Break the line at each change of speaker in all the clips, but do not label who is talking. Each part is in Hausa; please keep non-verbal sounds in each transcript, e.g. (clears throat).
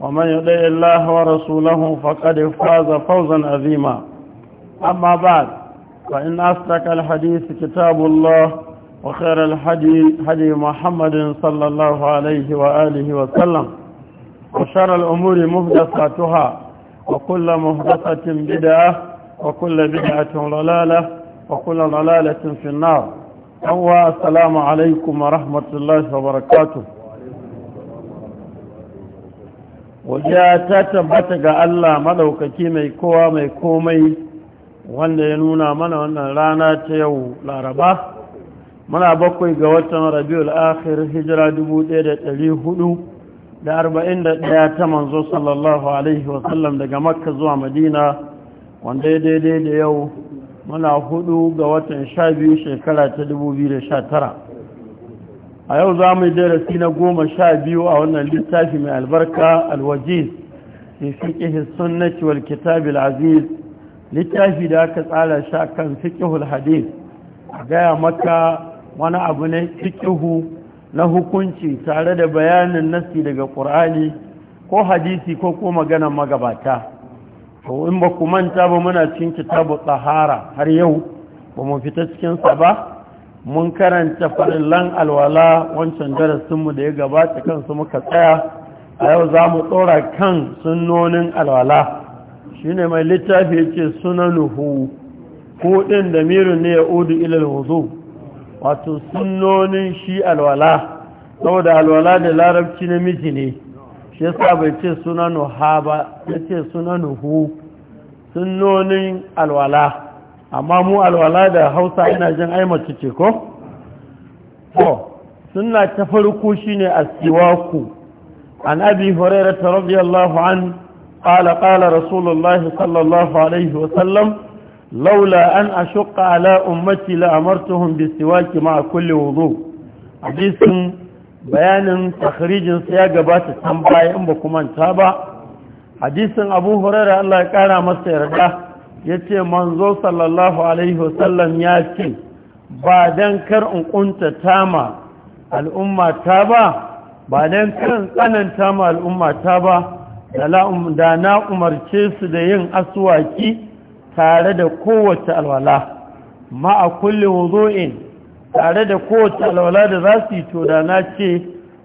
ومن يطع الله ورسوله فقد فاز فوزا عظيما أما بعد فإن أصدق الحديث كتاب الله وخير الحديث هدي محمد صلى الله عليه وآله وسلم وشر الأمور مهدساتها وكل مهدسة بدعة وكل بدعة ضلالة وكل ضلالة في النار هو السلام عليكم ورحمة الله وبركاته wajen ta tabbata ga Allah maɗaukaki mai kowa mai komai wanda ya nuna mana wannan rana ta yau laraba muna bakwai ga watan rabiul akhir hijira ɗaya ta manzo sallallahu alaihi wasallam daga makka zuwa madina wanda ya daidai da yau muna hudu ga watan sha biyu shekara ta 2019 a yau za mu yi darasi na goma sha biyu a wannan littafi mai albarka alwajiz fi fiƙihi na wal kitabil aziz littafi da aka tsara sha kan fiƙihul hadith a gaya maka wani abu na fiƙihu na hukunci tare da bayanin nasi daga ƙur'ani ko hadisi ko ko maganar magabata Ko in ba ku manta ba muna cin kitabu tsahara har yau ba mu fita cikinsa ba mun karanta lan alwala wancan darasinmu da ya gabata kansu muka tsaya a yau za mu tsora kan sunonin alwala shi ne mai littafi yake sunanuhu kudin da mirin ne ya udu ilil wuzu wato sunonin shi alwala saboda alwala da larabci namiji ne shi ya bai ce sunanuha ba ya ce sunanuhu sunonin alwala amma mu alwala da hausa ina jin aimaci ce ko? ko suna ta farko shi ne a siwaku an abi hurairar ta radiyallahu an ƙala ƙala rasulullahi sallallahu alaihi wasallam laula an a shuƙa ala ummati la'amartuhun bi siwaki ma a kulle wuzo hadisin bayanin takharijinsa ya gabata can bayan ba kuma ta ba hadisin abu hurairar allah ya ƙara masa yarda ya ce manzo sallallahu alaihi wasallam ya ce ba don kar in kunta tama al'umma ta ba ba don kan tsananta ma al'umma ta ba da um, na umarce su da yin asuwaki tare da kowace alwala ma a kulle wuzo'in tare da kowace alwala da za su yi to da na ce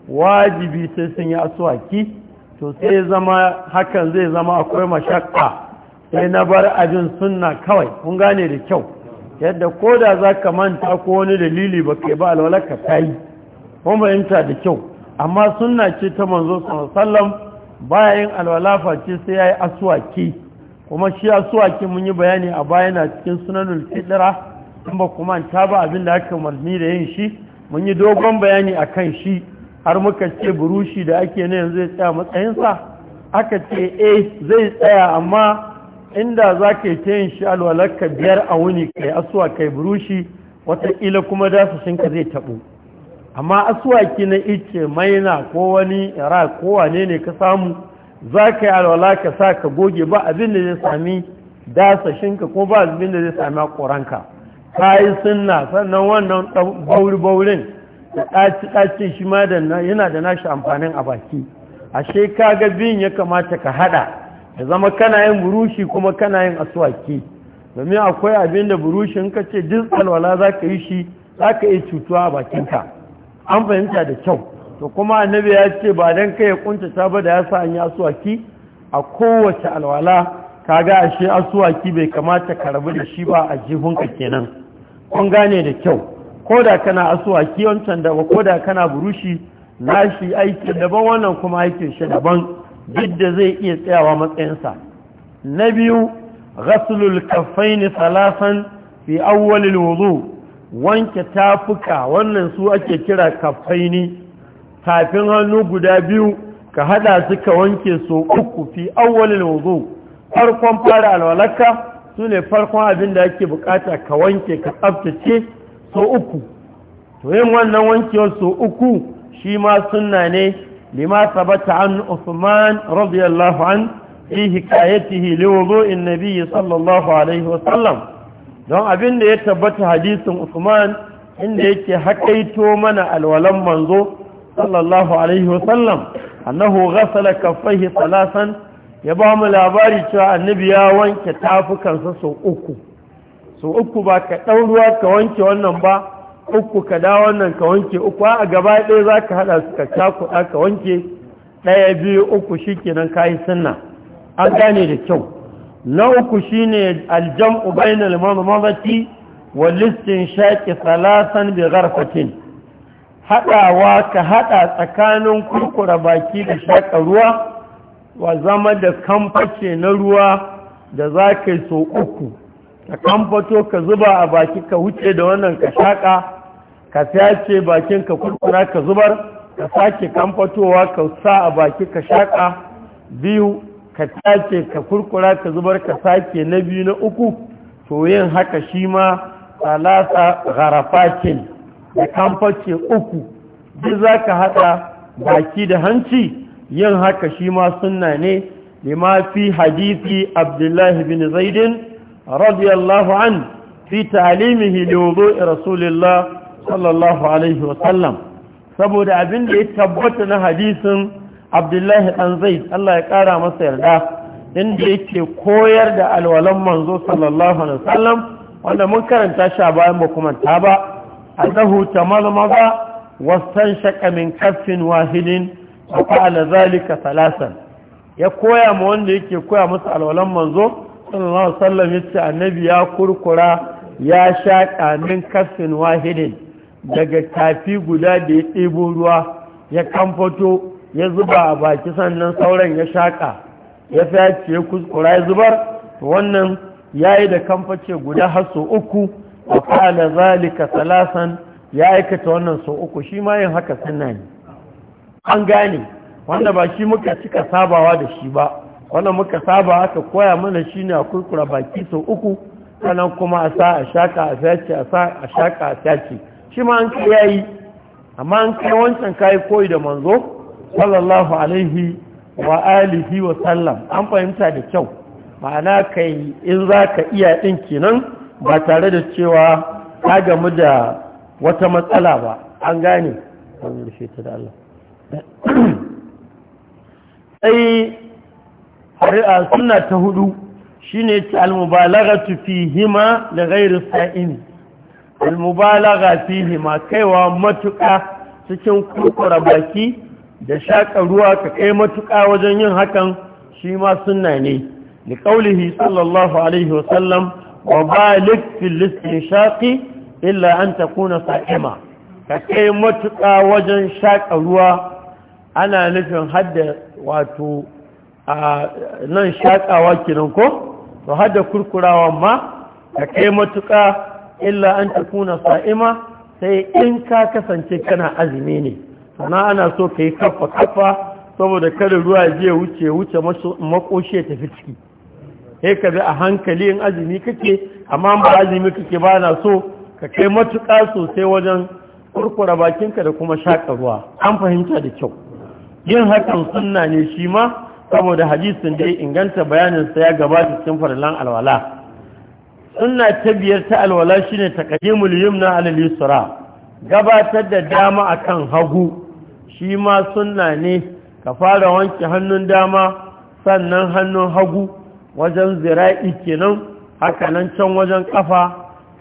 wajibi sai sun yi asuwaki to sai zama hakan zai zama akwai mashakka sai na bar abin sunna kawai kun gane da kyau yadda ko da za ka manta ko wani dalili ba kai ba alwalaka ta yi kun fahimta da kyau amma sunna ce ta manzo sallam baya yin alwala face sai ya yi asuwaki. kuma shi asuwaki mun yi bayani a baya na cikin sunanul fidira in ba kuma ta ba abin da aka marni da yin shi mun yi dogon bayani a kan shi har muka ce burushi da ake na yanzu ya tsaya matsayinsa aka ce eh zai tsaya amma inda za ka yi ta yin shi alwalarka biyar a wuni ka yi asuwa kai burushi wataƙila kuma dasashinka zai taɓo amma asuwaki na ice maina ko wani ra ko wane ne ka samu za ka yi alwala ka sa ka goge ba abin da zai sami dasashinka ko ba abin da zai sami haƙoranka ka yi sunna sannan wannan bauri-baurin da ɗaci-ɗaci shi ma yana da nashi amfanin a baki ashe ka ga biyun ya kamata ka haɗa ya zama kana yin burushi kuma kana yin aswaki domin akwai abin da burushin ka ce duk alwala za ka yi shi za ka iya cutuwa a bakinka an fahimta da kyau to kuma annabi ya ce ba don kai ya kuntata ba da ya sa an yi aswaki a kowace alwala ka ga ashe asuwaki bai kamata ka rabu da shi ba a jihunka kenan kun gane da kyau ko da kana aswaki wancan da ko da kana burushi na shi aikin daban wannan kuma aikin shi daban yadda zai iya tsayawa matsayinsa na biyu ghaslul kaffaini salasan fi awwalil wudu wanke tafuka wannan su ake kira kaffaini tafin hannu guda biyu ka hada su ka wanke su uku fi awwalil wudu farkon fara alwalaka sune farkon abin da ake bukata ka wanke ka tsaftace so uku to yin wannan wankewar so uku shi ma sunna ne لما ثبت عن عثمان رضي الله عنه في حكايته لوضوء النبي صلى الله عليه وسلم don abin da ya tabbata hadisin Usman inda yake hakaito mana alwalan manzo sallallahu alaihi wasallam annahu ghasala kaffaihi salasan ya ba mu labari cewa annabi ya wanke tafukansa sau uku sau uku ba ka ɗan ruwa ka wanke wannan ba uku ka da wannan ka wanke uku a gaba ɗaya za ka haɗa su ka cakuɗa ka wanke ɗaya biyu uku shi kenan ka yi sunna an gane da kyau na uku shi ne aljam'u bainal mamamati wa listin shaƙi salasan bi garfatin haɗawa ka haɗa tsakanin kurkura baki da shaƙa ruwa wa zama da kamface na ruwa da za ka yi so uku ka kamfato ka zuba a baki ka wuce da wannan ka shaƙa ka sace bakin ka kurkura ka zubar ka sake kamfatowa ka sa a baki ka shaƙa biyu ka tace ka kurkura ka zubar ka sake na biyu na uku to yin haka shi ma salasa gharafacin da kamface uku duk za ka haɗa baki da hanci yin haka shi ma suna ne lima fi hadithi abdullahi bin zaidin radiyallahu an fi talimihi da wuzo'i rasulillah sallallahu alaihi wasallam saboda abin da ya tabbata na hadisin abdullahi ɗan zaid Allah ya ƙara masa yarda inda yake koyar da alwalan manzo sallallahu alaihi wasallam wanda mun karanta shi a bayan ba kuma ta ba wasan tamalmaza wastanshaqa min kaffin wahidin wa fa'ala zalika salasan ya koya ma wanda yake koya masa alwalan manzo sallallahu alaihi wasallam yace annabi ya kurkura ya shaƙa min kafin wahidin daga tafi guda da ya ɗebo ruwa ya kamfato ya zuba a baki sannan sauran ya shaƙa ya fyace ya kuskura ya zubar wannan ya yi da kamface guda har sau uku a ƙala zalika salasan ya aikata wannan sau uku shi ma yin haka suna ne an gane wanda ba shi muka cika sabawa da shi ba wanda muka saba aka koya mana shi ne a kurkura baki sau uku sannan kuma a sa a shaƙa a fyace a sa a shaƙa a shi ma an yayi amma an kai wancan kayi koyi da manzo sallallahu alaihi wa alihi wa sallam an fahimta da kyau ma'ana kai in za ka iya ɗin kenan ba tare da cewa ka gamu da wata matsala ba an gane an rufe (clears throat) suna ta hudu shine ta almubalaga tufi hima da gairu sa'ini almubalagha fihi ma kaiwa matuƙa cikin kurkura baki da shaƙa ruwa ka kai matuƙa wajen yin hakan shi ma sunna ne li qaulihi sallallahu alaihi wa sallam wa balik fil istinshaqi illa an takuna sa'ima ka kai matuƙa wajen shaƙa ruwa ana nufin hadda wato a nan shaƙawa kinan ko to hadda kurkurawa ma ka kai matuƙa illa an takuna sa'ima sai in ka kasance kana azumi ne sana ana so ka yi kafa kafa saboda kada ruwa je wuce wuce makoshi ya tafi ciki sai ka bi a hankali in azumi kake amma ba azumi kake ba na so ka kai matuƙa sosai wajen kurkura bakinka da kuma shaƙa ruwa an fahimta da kyau yin hakan sunna ne shi ma saboda hadisin da ya inganta bayaninsa ya gabata cikin farlan alwala sunna ta biyar ta alwala shine taqdimul yumna ala al gabatar da dama akan hagu shi ma sunna ne ka fara wanke hannun dama sannan hannun hagu wajen zira'i kenan hakanan can wajen kafa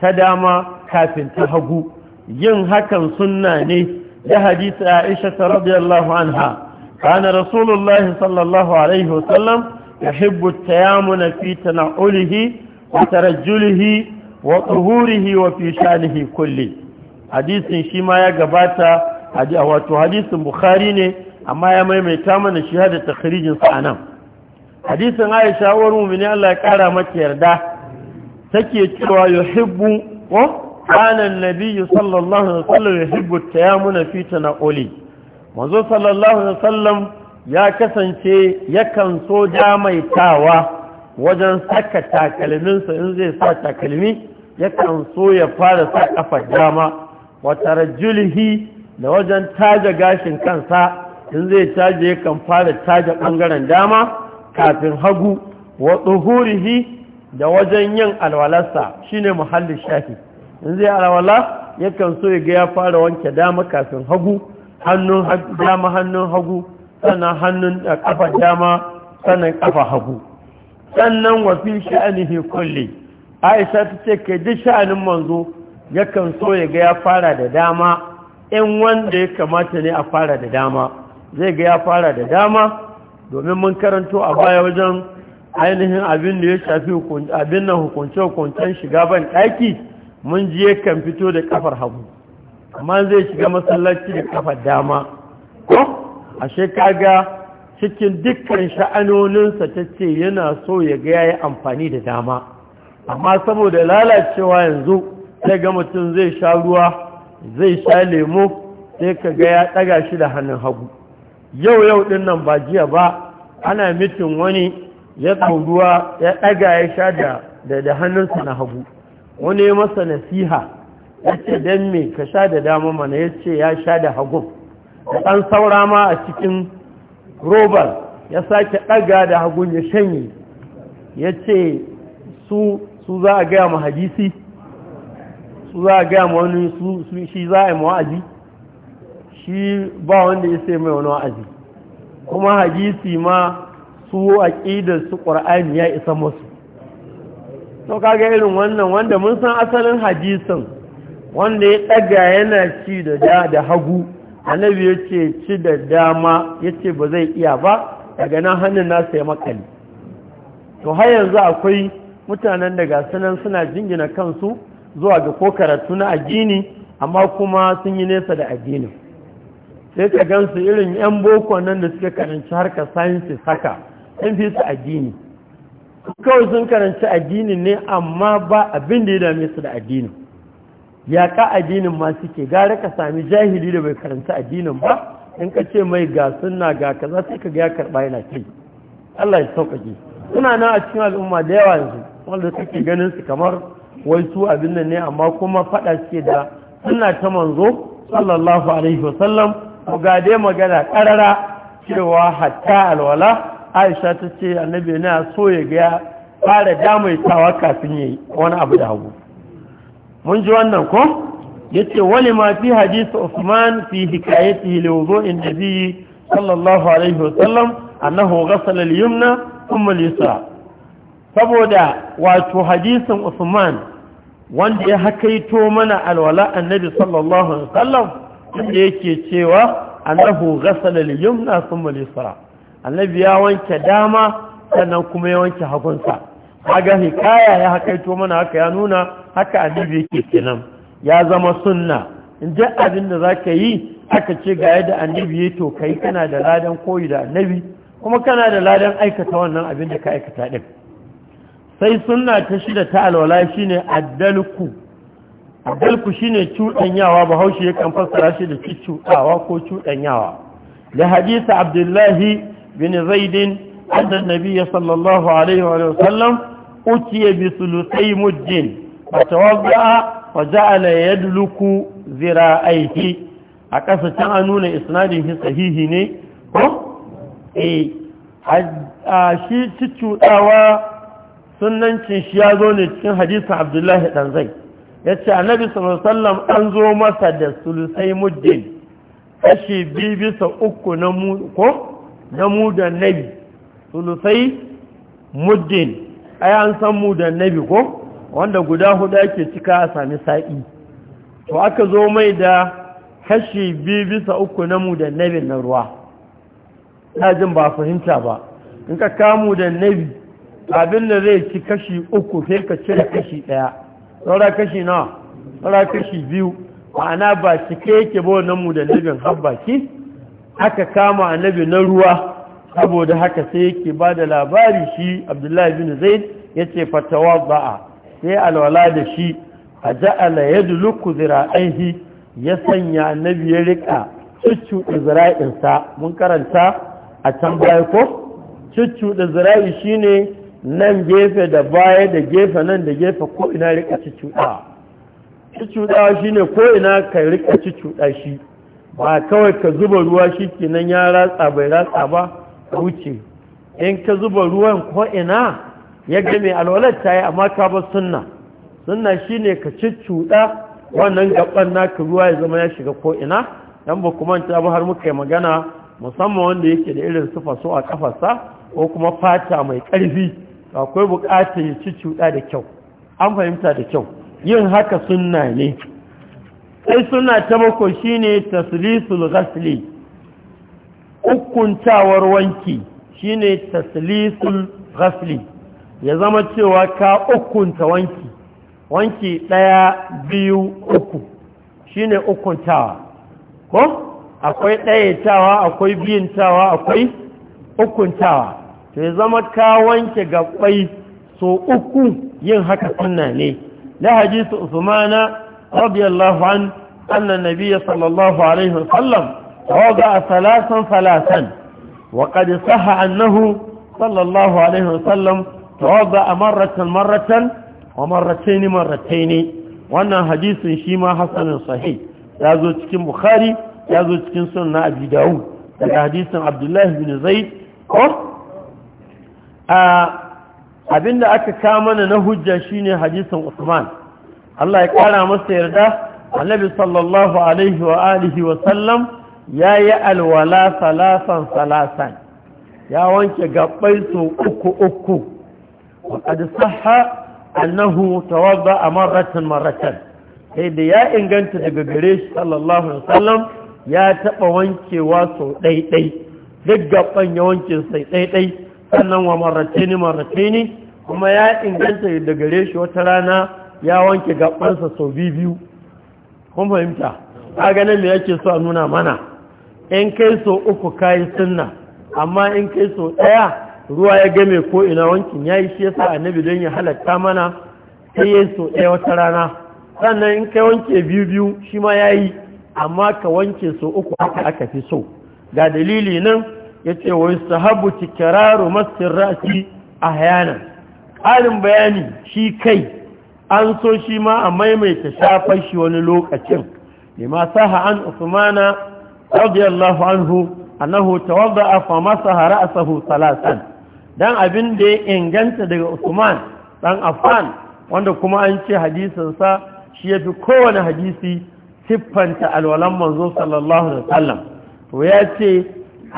ta dama kafin ta hagu yin hakan sunna ne da hadisi Aisha radiyallahu anha kana rasulullahi sallallahu alaihi wasallam yuhibbu tayammuna fi tana'ulihi وترجله وطهوره وفي شانه كله حديث شيما يا غباتا wato hadisin bukhari ne amma ya maimaita mana shi hada takhrijin sa anan hadisin aisha wa mu'mini Allah ya kara mata yarda take cewa yuhibbu wa kana an-nabiy sallallahu alaihi wasallam yuhibbu at-tayammun fi tanaquli manzo sallallahu alaihi wasallam ya kasance yakan so jama'itawa wajen saka takalminsa in zai sa takalmi yakan so ya fara sa kafa dama wata rajulihi da wajen taje gashin kansa in zai taje yakan fara taje ɓangaren dama kafin hagu wa tsuhurihi da wajen yin alwalarsa shine muhalli shafi in zai alwala yakan so ya ga ya fara wanke dama kafin hagu hannun dama hannun hagu sannan hannun kafa eh, dama sannan kafa hagu sannan wa fi sha'anihi kulli aisha ta ce kai duk sha'anin manzo yakan so ya ga ya fara da dama in wanda ya kamata ne a fara da dama zai ga ya fara da dama domin mun karanto a baya wajen ainihin abin da ya shafi abin nan hukunce-hukuncen shiga ban ɗaki mun ji kan fito da kafar hagu amma zai shiga masallaci da kafar dama ko ashe kaga cikin dukkan sha'anoninsa ta ce yana so ya gaya ya yi amfani da dama amma saboda lalacewa yanzu sai ga mutum zai sha ruwa zai sha lemo sai ka ga ya ɗaga shi da hannun hagu yau yau ɗin nan ba jiya ba ana mitin wani ya ruwa ya ɗaga ya sha da hannunsa na hagu wani ya masa nasiha ya ce don me ka sha da dama mana ya ce ya sha da hagun ɗan saura ma a cikin robal ya sake ɗaga da hagun ya shanye ya ce su za a gaya ma hadisi su za a gaya ma wani su shi za a yi ma'aji shi ba wanda ya sai mai wani wa'azi kuma hadisi ma su a su ƙwar'ani ya isa masu to kaga irin wannan wanda mun san asalin hadisin wanda ya ɗaga yana ci da da hagu annabi ya ce ci da dama ya ce ba zai iya ba daga nan hannun nasa ya makali to har yanzu akwai mutanen da gasunan suna jingina kansu zuwa ga ko karatu na addini amma kuma sun yi nesa da addinin sai ka gansu irin 'yan boko nan da suka karanci harka science haka sun fi su addini kawai sun karanci addini ne amma ba abin da ya dame su da addinin ya ka addinin ma suke gara ka sami jahili da bai karanta addinin ba in ka ce mai ga sunna ga kaza sai ka ga ya karba yana kai Allah ya saukake suna nan a cikin al'umma da yawa yanzu wanda suke ganin su kamar wai su abin nan ne amma kuma faɗa suke da sunna ta manzo sallallahu alaihi sallam ko ga dai magana ƙarara cewa hatta alwala Aisha ta ce annabi yana so ya ga fara damaitawa kafin yayi wani abu da hagu mun ji wannan ko yace wali ma fi hadisi Uthman fi hikayatihi li wudu'in nabi sallallahu alaihi wasallam annahu ghasala al-yumna thumma al-yusra saboda wato hadisin usman wanda ya hakaito mana alwala annabi sallallahu alaihi wasallam inda yake cewa annahu ghasala al-yumna thumma al-yusra annabi ya wanke dama sannan kuma ya wanke hagunsa kaga hikaya ya hakaito mana haka ya nuna haka annabi yake kenan ya zama sunna in abin da zaka yi aka ce ga yadda annabi ya to kai kana da ladan koyi da annabi kuma kana da ladan aikata wannan abin da ka aikata ɗin. sai sunna ta shida ta alwala shine addalku addalku shine cuɗanyawa bahaushe kan fassara shi da cuɗawa ko cuɗanyawa. da hadisi abdullahi bin zaidin annan nabiyyi sallallahu alaihi wa sallam uciye bi sulusai muddin ba tawadda wa ja'ala yadluku zira'aihi a ƙasa can an nuna isnadin shi sahihi ne ko eh a shi cuɗawa sunancin shi ya zo ne cikin hadisin abdullahi ɗan zai ya ce annabi sallallahu an zo masa da sulusai muddin kashi biyu uku na mu ko na mu da nabi sulusai muddin ai an san mu da nabi ko wanda guda hudu ake cika a sami sa'i to aka zo mai da kashi biyu bisa uku na mu da nabi na ruwa jin ba fahimta ba in ka kamu da nabi abin da zai ci kashi uku sai ka cire kashi ɗaya saura kashi na saura kashi biyu ma'ana ba cike yake ba na mu da nabin habbaki aka kama annabi na ruwa saboda haka sai yake ba da labari shi abdullahi bin zaid ya ce fatawa ba'a sai alwala da shi a ja'ala ya duluku zira'aihi ya sanya annabi ya rika cuccuɗe zira'insa mun karanta a can baya ko cuccuɗe zira'i shine nan gefe da baya da gefe nan da gefe ko ina rika cuccuɗawa cuccuɗawa shine ko ina ka rika cuccuɗa shi ba kawai ka zuba ruwa shi kenan ya ratsa bai ratsa ba wuce in ka zuba ruwan ko'ina ya game alwalar ta yi amma ka ba sunna sunna shine ne ka cuɗa wannan gaban naka ruwa ya zama ya shiga ko'ina don ba kuma ta ba har muka yi magana musamman wanda yake da irin sufa so a kafarsa ko kuma fata mai ƙarfi akwai buƙatar ya ci cuɗa da kyau an fahimta da kyau yin haka sunna ne sai sunna ta bako shine tasrisul ghasli ukkuncawar wanki shine taslisul ghasli ya zama cewa ka ukkunta wanki wanki ɗaya biyu uku shine ukkuntawa ko akwai tawa, akwai biyintawa akwai ukuntawa to ya zama ka wanke gaɓai so uku yin haka sunna ne la hadisu usmana radiyallahu an anna nabiyya sallallahu alaihi wasallam ووضع ثلاثا ثلاثا وقد صح أنه صلى الله عليه وسلم توضأ مرة مرة ومرتين مرتين وأن حديث شيما حسن صحيح يازو تكين بخاري يازو تكين سنة أبي داود حديث عبد الله بن زيد abinda aka kamana na hujja shine hadisin Usman Allah ya kara masa yarda Annabi sallallahu alaihi wa alihi wa sallam ya yi alwala salasan salasan ya wanke gabbai su uku uku waƙad saha annahu tawadda a maratan maratan sai da ya inganta daga gare shi sallallahu alaihi sallam ya taɓa wankewa sau ɗaiɗai duk gaɓan ya wanke sai ɗaiɗai sannan wa maratini maratini kuma ya inganta da gare shi wata rana ya wanke gabbansa sau biyu kun fahimta a ganin me yake so a nuna mana in kai so uku kayi sunna amma in kai so ɗaya ruwa ya game ko ina wankin ya yi shi yasa annabi don ya halatta mana sai ya so ɗaya wata rana sannan in kai wanke biyu biyu shi ma ya yi amma ka wanke so uku haka aka fi so ga dalili nan ya ce wa sahabu tikiraru masu rasi a hayana. ƙarin bayani shi kai an so shi ma a maimaita shafar shi wani lokacin lima saha an usmana radiyallahu anhu annahu tawadda'a fa masaha dan abin da ya inganta daga Usman dan Affan wanda kuma an ce hadisin sa shi yafi kowane hadisi siffanta alwalan manzo sallallahu alaihi wasallam to ya ce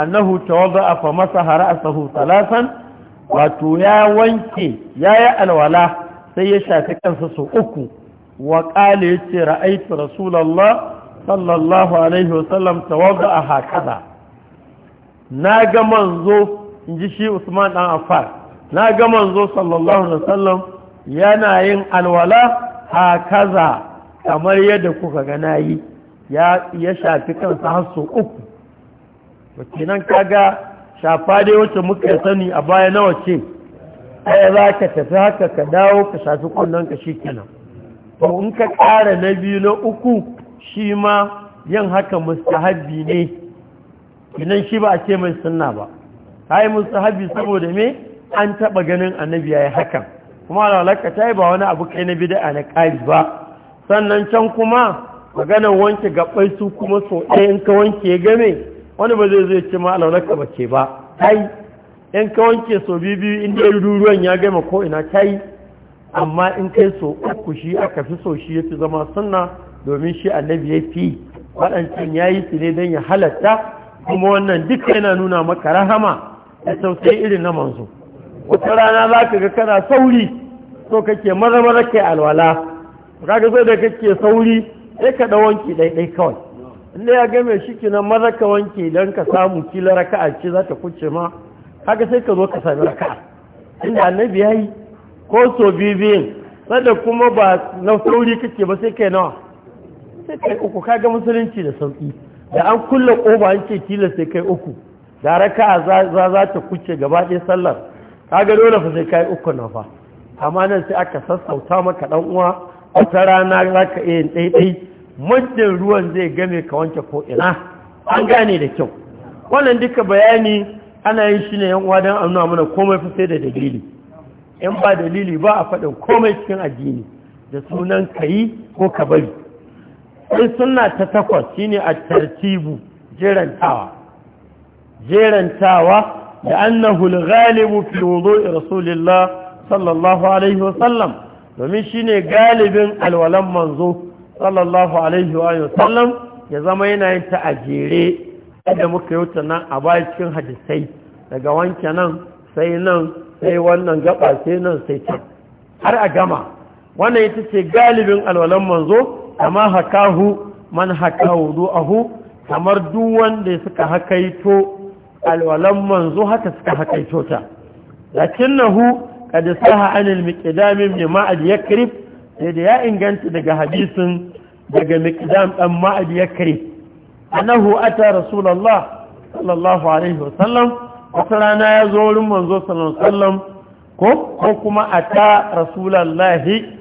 annahu tawadda'a fa wato ya wanke yayi alwala sai ya shafi kansa sau uku wa yace ra'aytu rasulullah sallallahu alaihi wasallam tawadda a hakaza na ga manzo in ji shi usman dan affar na ga manzo sallallahu alaihi wasallam yana yin alwala hakaza kamar yadda kuka ga nayi ya ya shafi kansa har sau uku to kenan kaga shafa dai wacce muka sani a baya nawa ce ai za ka tafi haka ka dawo ka shafi kunnen ka shikenan to in ka ƙara na biyu na uku shi ma yin haka mustahabi ne idan shi ba a ce mai sunna ba ai mustahabi saboda me an taba ganin annabi yayi haka kuma alalaka ta yi ba wani abu kai na bid'a na ƙari ba sannan can kuma maganar wanke gaɓai su kuma so ɗaya in ka wanke game wani ba zai zai ce ma alalaka ba ce ba tai in ka wanke so biyu in da ruwan ya gama ko ina yi. amma in kai so uku shi aka fi so shi ya fi zama sunna domin shi annabi ya fi waɗancan ya yi su ne don ya halatta kuma wannan duka yana nuna maka rahama da tausayi irin na manzo wata rana za ka ga kana sauri so kake maza maza kai alwala ka ga so da kake sauri sai ka ɗau wanki ɗaiɗai kawai inda ya game shi kinan maza ka wanki don ka samu kila raka'a ce za ta kuce ma haka sai ka zo ka sami raka'a inda annabi ya yi ko so biyu biyun sada kuma ba na sauri kake ba sai kai nawa sai kai uku kaga musulunci da sauki da an kulle koba an ce tilasta kai uku da raka za za ta kuce gaba ɗaya sallar kaga dole fa sai kai uku na fa amma nan sai aka sassauta maka dan uwa wata rana za ka iya yin ɗaiɗai muddin ruwan zai game ka wanke ko ina an gane da kyau wannan duka bayani ana yin shi ne yan uwa don amna mana komai fa sai da dalili in ba dalili ba a faɗin komai cikin addini da sunan ka yi ko ka bari sai suna ta takwas shine a tartibu jerantawa jerantawa da annahu al-ghalibu fi rasulillah sallallahu alaihi wa sallam domin shine galibin alwalan manzo sallallahu alaihi wa sallam ya zama yana yin ta a jere da muka yi wuta nan a bakin hadisai daga wanke nan sai nan sai wannan gaba sai nan sai can har a gama wannan ita ce galibin alwalan manzo kama hakahu man hakahu du'ahu kamar duk wanda suka hakaito alwalan manzo haka suka hakaito ta lakinnahu qad saha anil miqdam min ma'ad yakrib sai da ya inganta daga hadisin daga miqdam dan ma'ad yakrib annahu ata rasulullah sallallahu alaihi wasallam wata rana ya zo wurin manzo sallallahu alaihi wasallam ko kuma ata rasulullahi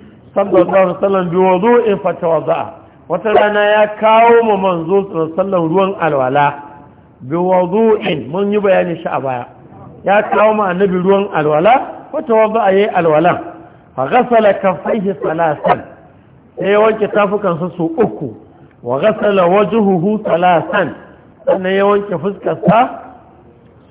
sallallahu bi wasallam in wudu'in fatawadda'a wata rana ya kawo ma manzo sallallahu ruwan alwala bi in, mun yi bayani shi a baya ya kawo ma annabi ruwan alwala a yayi alwalan fa ghasala kaffaihi salasan sai wanke tafukan sa su uku wa ghasala wajhuhu salasan sannan ya wanke fuskar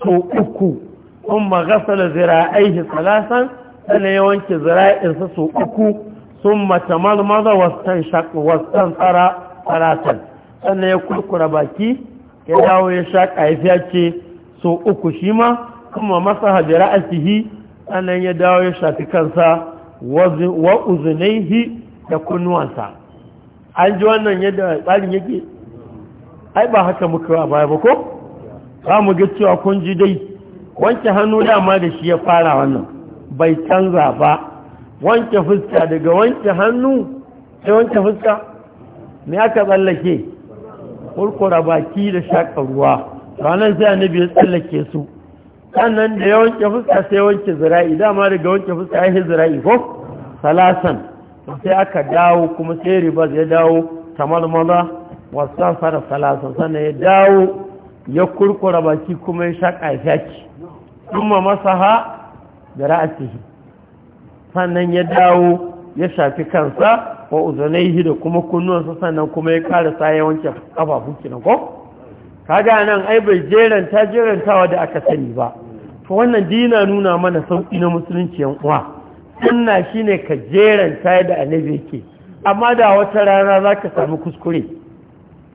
su uku kuma ghasala zira'aihi salasan sannan ya wanke zira'insa su uku Sun tamarmaza wastan shaqa wastan tsara salatan sannan ya kurkura baki ya dawo ya shaƙa ya fiyace so uku shi ma kuma masaha a ra'sihi sannan ya dawo ya shafi kansa wa uzunaihi da kunnuwansa an ji wannan yadda tsarin yake ai ba haka muka a baya ba ko za mu ga cewa kun ji dai wanke hannu dama da shi ya fara wannan bai canza ba wanke fuska daga wanke hannu sai wanke fuska me aka tsallake kurkura baki da shaƙa ruwa ranar sai annabi ya tsallake su sannan da ya wanke fuska sai wanke zira'i dama daga wanke fuska ya zira'i ko salasan sai aka dawo kuma sai ribas ya dawo kamar maza wasan fara salasan sannan ya dawo ya kurkura baki kuma ya shaƙa shaki kuma masaha da ra'asihi sannan ya dawo ya shafi kansa wa uzunaihi da kuma kunnuwansa sannan kuma ya karasa ya wanke kafafu kenan ko kaga nan ai bai jeran jeranta jerantawa da aka sani ba to wannan dina nuna mana sauki na musulunci yan uwa sunna shine ka jeranta da annabi yake amma da wata rana zaka samu kuskure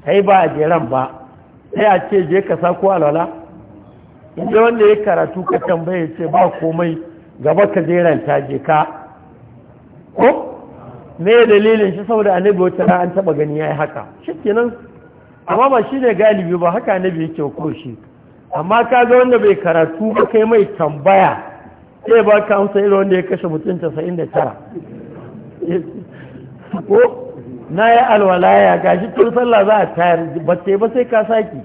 kai ba a jeran ba sai a ce je ka sako alwala yanzu wanda ya karatu ka tambaye ce ba komai gaba ka jeranta je ka ko me dalilin shi saboda annabi wata ran an taba gani yayi haka shikenan amma ba shine galibi ba haka annabi yake ko shi amma ka ga wanda bai karatu ba kai mai tambaya sai ba ka amsa irin wanda ya kashe mutum 99 ko na yi alwalaya gashi tun sallah za a tayar ba sai ba sai ka saki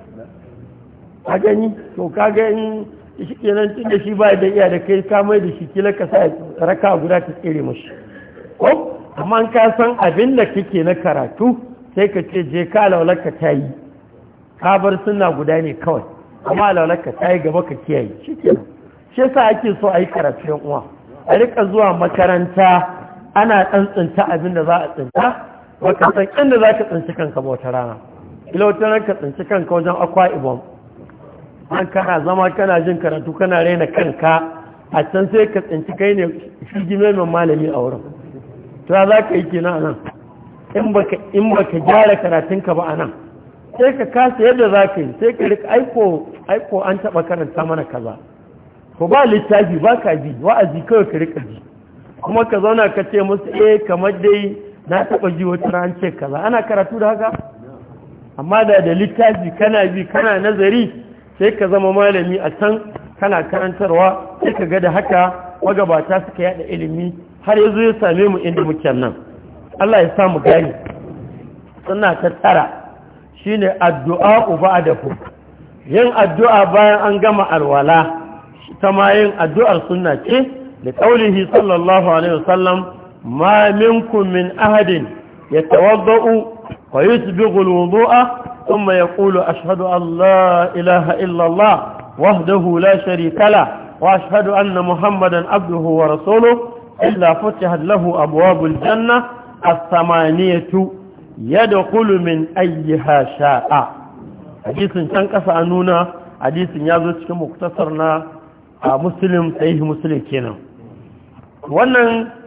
a gani to kaga in shi kenan tun da shi ba da iya da kai ka mai da shi kila ka sa raka guda ta tsere mashi ko amma an ka san abin da kake na karatu sai ka ce je ka laulaka ta yi ka bar suna guda ne kawai amma laulaka ta yi gaba ka kiyaye shi kenan shi yasa ake so a yi karatu yan uwa a rika zuwa makaranta ana tsantsanta abin da za a tsinta ka san inda za ka tsinci kanka ba wata rana ila wata ranka tsinci kanka wajen akwa ibom an kana zama kana jin karatu kana raina kanka a can sai ka tsinci kai ne shigime mai malami a wurin ta za ka yi kenan nan in baka gyara karatun ka ba a nan sai ka kasa yadda za ka yi sai ka rika aiko an taba karanta mana kaza ko ba littafi ba ka ji wa'azi kawai ka rika ji kuma ka zauna ka ce musu eh kamar dai na taba ji wata ran ce kaza ana karatu da haka amma da da littafi kana bi kana nazari sai ka zama malami a can kana karantarwa sai ka ga da haka magabata suka yada ilimi har yanzu ya same mu inda muke nan Allah ya sa mu gani suna ta tara shine addu'a ba'dahu yin addu'a bayan an gama alwala ta ma yin addu'ar sunna ce da kaulihi sallallahu alaihi wasallam ma minkum min ahadin yatawadda'u فيسبغ الوضوء ثم يقول أشهد أن لا إله إلا الله وحده لا شريك له وأشهد أن محمدا عبده ورسوله إلا فتحت له أبواب الجنة الثمانية يدخل من أيها شاء حديث شنكس أنونا حديث يازوتك مقتصرنا مسلم سيه مسلم كنا wannan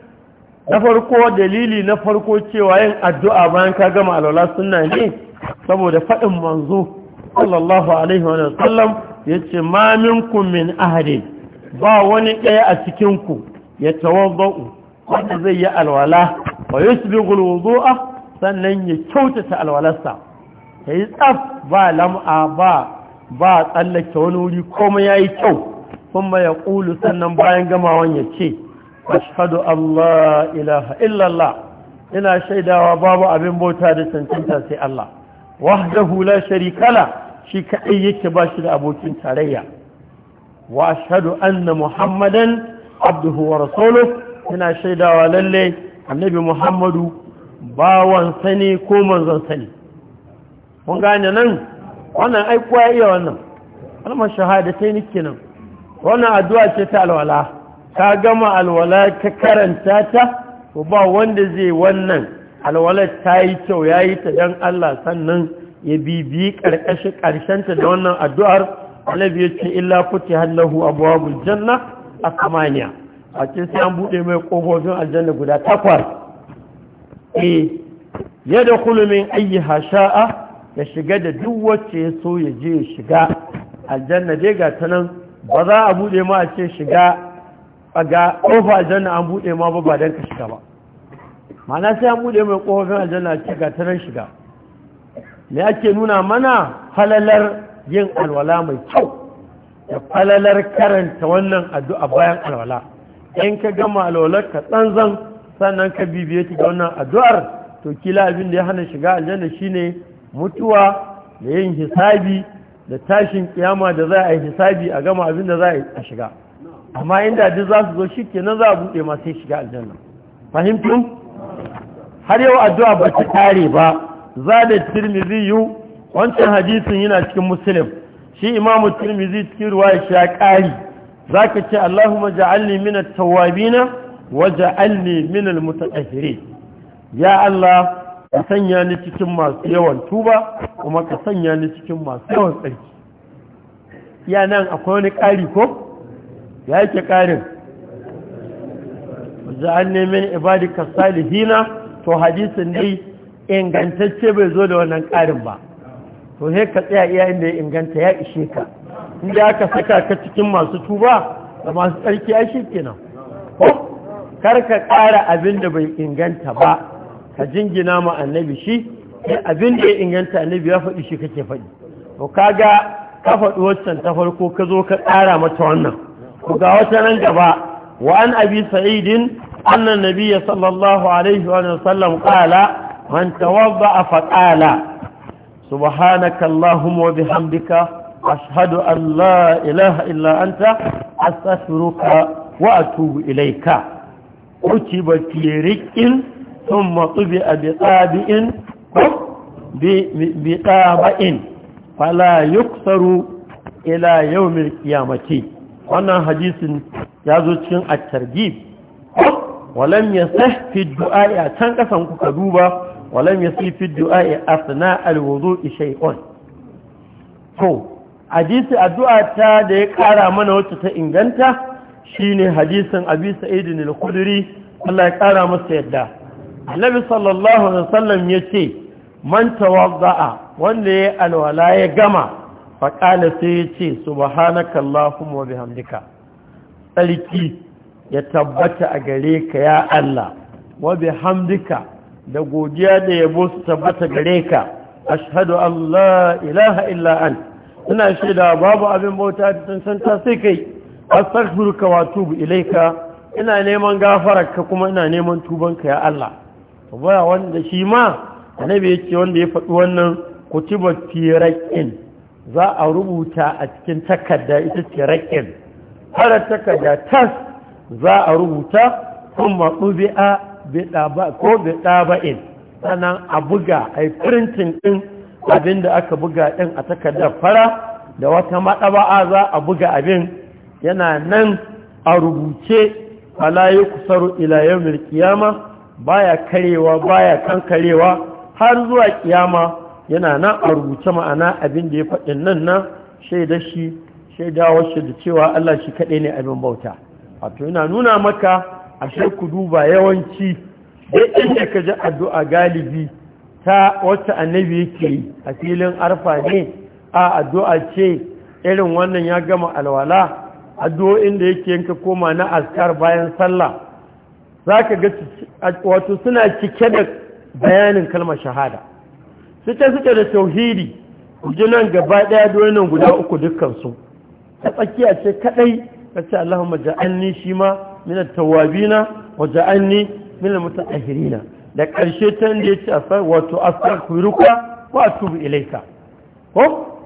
na farko dalili na farko cewa yin addu'a bayan ka gama alwala suna ne saboda faɗin manzo sallallahu alaihi wa sallam ya ma maminku min ahari ba wani ɗaya a cikin ku ya tawaddau wanda zai yi alwala wa yusbighul zuwa sannan ya kyautata alwalarsa yi tsaf ba lam'a ba ba tsallake wani wuri kuma ya yi kyau sun ya ƙulu sannan bayan gamawan ya ce ashhadu Allah ilaha illallah ina shaidawa babu abin bauta da cancanta sai Allah wahdahu la sharikala shi kaɗai yake ba shi da abokin tarayya wa ashhadu anna muhammadan abduhu wa ina shaidawa lalle annabi muhammadu bawan sani ko manzon sani Mun gane nan wannan aikuwa iya wannan kalmar shahadatai nake nan wannan addu'a ce ta alwala ka gama alwala ka karanta ta ba wanda zai wannan alwala ta yi kyau ya yi ta don Allah sannan ya bibi bibiyi ƙarƙashenta da wannan addu'ar alabi ya ce illa kuti hallahu abuwa janna a kamaniya a ce sai an buɗe mai ƙofofin aljanna guda takwar e eh, ya da kulumin ayi hasha'a ya shiga da duk wacce ya so ya je shiga aljanna dai ga ta nan ba za a buɗe ma a ce shiga ga ƙofa aljanna an buɗe ma ba don ka shiga ba ma'ana sai an buɗe mai ƙofofin aljanna ce ga tanar shiga me ake nuna mana falalar yin alwala mai kyau da falalar karanta wannan addu'a bayan alwala in ka gama alwalar ka tsanzan sannan ka bibiye ta ga wannan addu'ar to kila abin da ya hana shiga aljanna shine mutuwa da yin hisabi da tashin kiyama da za a yi hisabi a gama abin da za a shiga amma inda duk za su zo shi kenan za a buɗe ma sai shiga aljanna fahimtum har yau addu'a ba ta kare ba za da tirmizi yu wancan hadisin yana cikin musulun shi imamu tirmizi cikin ruwa ya sha ƙari za ka ce allahumma ja'alni min at-tawwabina wa ja'alni min al-mutatahhirin ya allah ka sanya ni cikin masu yawan tuba kuma ka sanya ni cikin masu yawan tsarki ya nan akwai wani ƙari ko ya yake ƙarin za'an an ibadika salihina to hadisin ne ingantacce bai zo da wannan ƙarin ba to sai ka tsaya iya inda ya inganta ya ishe ka inda aka saka ka cikin masu tuba da masu tsarki ya shi kenan ko kar ka ƙara abin da bai inganta ba ka jingina ma annabi shi abin da ya inganta annabi ya faɗi shi kake faɗi to kaga ka faɗi waccan ta farko ka zo ka ƙara mata wannan Ku ga wata nan gaba wa an abi sa'idin annan Nabiya sallallahu alaihi wa sallam qala man tawadda fa qala subhanaka allahumma wa bihamdika ashhadu an la ilaha illa anta astaghfiruka wa atubu ilayka kutiba fi riqin thumma tubi'a bi bi tabi'in fala yuksaru ila yawmil qiyamati wannan hadisin ya zo cikin at-targhib walam yasah fi du'a'i a can kasan ka duba walam yasih fi du'a'i asna al-wudu'i shay'un to hadisi addu'a ta da ya kara mana wacce ta inganta shine hadisin Abi sa'idin al-Khudri Allah ya kara masa yadda Annabi sallallahu alaihi wasallam yace man tawadda'a wanda ya alwala ya gama faƙala sai ya ce subhanaka Allahumma wa bihamdika tsarki ya tabbata a gare ka ya Allah wa bihamdika da godiya da yabo su tabbata gare ka ashhadu an la ilaha illa an ina shaida babu abin bauta da tantanta sai kai astaghfiruka wa atubu ilaika ina neman gafararka kuma ina neman tubanka ya Allah ba wanda shi ma annabi yace wanda ya faɗi wannan kutiba fi za a rubuta a cikin takarda ita ce raƙin har takarda tas za a rubuta kuma ɗubi'a ko ɗaba'in sannan a buga a printin ɗin abin da aka buga ɗin a takardar fara da wata maɗaba'a za a buga abin yana nan a rubuce alayi kusuru ilayen milkiyama baya karewa baya kankarewa har zuwa kiyama yana na a rubuce ma'ana abin da ya faɗin nan na shaida shi shaidawar shi da cewa Allah shi kaɗai ne abin bauta wato yana nuna maka a ku duba yawanci da inda ka ji addu'a galibi ta wata annabi yake a filin arfa ne a addu'a ce irin wannan ya gama alwala addu'o'in da yake yanka koma na askar bayan sallah za ka ga wato suna cike da bayanin kalmar shahada suke suke da tauhidi nan gaba daya donin guda uku dukkansu ta tsakiya ce kadai ka ce Allahumma ja'alni shi ma min at wa ja'alni min al da karshe ta inda yace asar wato astaghfiruka wa atubu ilayka ko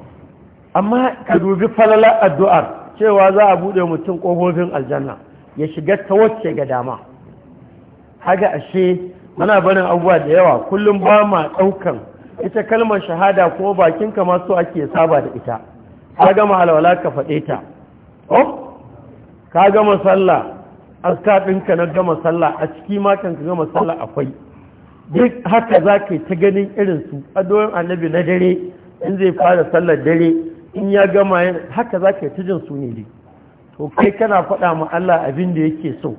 amma ka dubi falala addu'ar cewa za a bude mutum kofofin aljanna ya shiga ta wacce ga dama haga ashe muna barin abubuwa da yawa kullum ba ma daukan ita kalmar shahada kuma bakinka ma so ake saba da ita ka gama halawala ka faɗe ta oh ka gama sallah aska ɗinka na gama sallah a ciki makon ka gama sallah akwai duk haka za ka yi ta ganin irinsu adoyin annabi na dare in zai fara sallar dare in ya gama haka za ka yi ta jin su ne dai to kai kana faɗa ma Allah abin da yake so